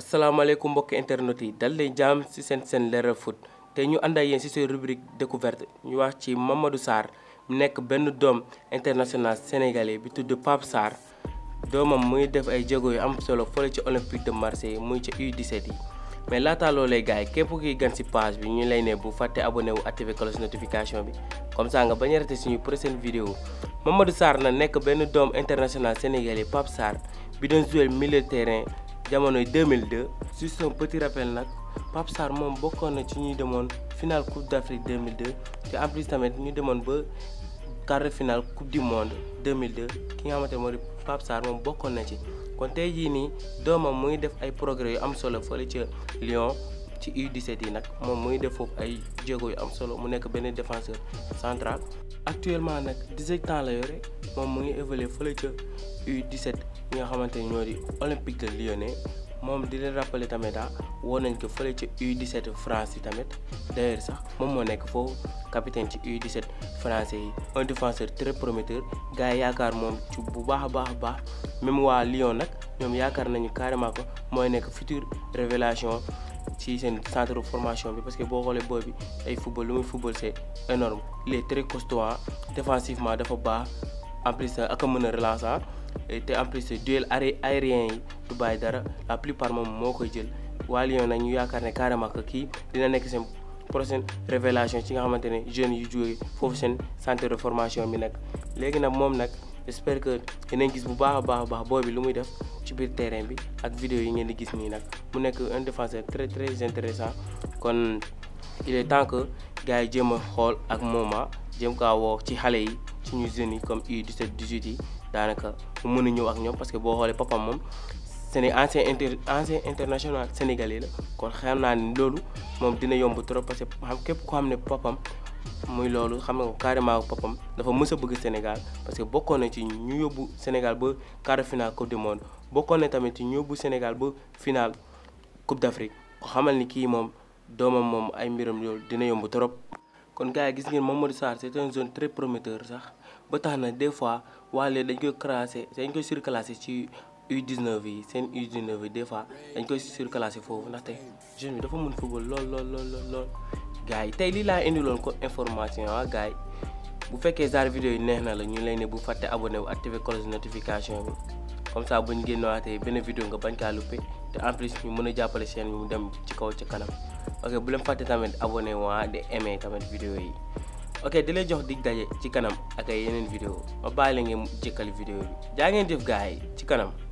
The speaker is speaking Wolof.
asalaamaaleykum mbokk internet yi dal leen jaam ci seen seen leeral foot te ñu ànd ak yéen ci seen rubrique découverte ñu wax ci Mamadou Sarr mu nekk benn doom international sénégalais bi tudd Pape Sarr doomam muy def ay jéego yu am solo fële ci olympique de Marseille muy ci U17 mais laata loolee gars yi képp kuy gan ci page bi ñu lay ne bu fàtte abonné wu activé cloche notification bi comme ça nga bañ a raté suñu prochaine vidéo Mamadou Sarr na nekk benn doom international sénégalais Pape Sarr bi doon jouer milieu terrain jamonoy 2002 juste son petit rappel nag Pape sar mom bokkoon na ci ñuy demoon finale coupe d'afrique 2002 te en plus tamit ñu demoon ba quart de finale coupe du monde 2002 ki nga xamante moo Pape sar mom bokkoon na ci. kon tay ji ni doomam mu ngi def ay progrès yu am solo fële ci Lyon ci U17 yi nak mom mu ngi def foofu ay djego yu am solo mu nek benn défenseur central actuellement nak 17 ans la yoré mom mu ngi évoluer fële ca U17 ñi nga xamanteni ñoo di olympique de lyonnais moom di leen rappeler tamit ah woo nañ ko fële ci U17 France yi tamit d'ailleurs sax moom moo nekk foofu capitaine ci U17 français yi un défenseur très prometteur gars yi yaakaar moom ci bu baax a baax a baax même waa Lyon nag ñoom yaakaar nañu carrément ko mooy nekk future révélation ci seen centre de formation bi parce que boo xoolee booy bi ay football lu muy football c'est énorme il est très costaud ah. défensivement dafa baax en plus ak a mën a relancer ah te en plus ce duel aérien du bàyyi la plupart mom moo koy jël waa Lyon nag ñu yaakaar ne carrément que kii dina nek seen prochaine révélation ci nga xamantene jeune yu jógee fofu sen centre de formation bi nak légui nak mom nak j'espère que dinañ gis bu baax a baax a baax booy bi lu muy def ci bir terrain bi ak vidéo yi ngeen di gis ni nak mu nek un défenseur très très intéressant kon il est temps que gaay yi xol ak moma jéem ka wo ci xale yi ci ñu jeunes yi comme U17 18 yi danaka mu mën a ñëw ak ñoom parce que boo xoolee papam moom Séné ancien inter ancien international sénégalais la kon xam naa ni loolu moom dina yomb trop parce que xam képp ko xam ne papam muy loolu xam nga carrément papam dafa mës a bëgg Sénégal parce que bokkoon na ci ñu yóbbu Sénégal ba quart de finale coupe du monde bokkoon na tamit ci ñu yóbbu Sénégal ba finale coupe d'Afrique ko xamal ni kii moom doomam moom ay mbiram loolu dina yomb trop. kon gars yi gis ngeen Mamadou Sarr c'est un jeune très prometteur sax ba tax na des fois waale dañ koy classé dañ koy surclassé ci U19 yi seen U19 yi des fois dañ koy surclassé foofu ndaxte jeune bi dafa mën football lool lool lool lool lool. gars yi tey lii laa indiloon ko information ah gars yi bu fekkee genre vidéo yi neex na la ñu lay ne bu fàtte abonné wu activer cloche notification bi comme ça bu ñu génneewaatee benn vidéo nga bañ kaa loupé te en plus ñu mën a jàppale chaîne bi mu dem ci kaw ci kanam ok bu leen fàtte tamit abonné waa ah, di aimé tamit vidéo yi. ok di lay jox dig daje ci kanam ak ay yeneen vidéo ba bàyyi la ngeen jëkkal vidéo bi jaa ngeen def gars yi ci kanam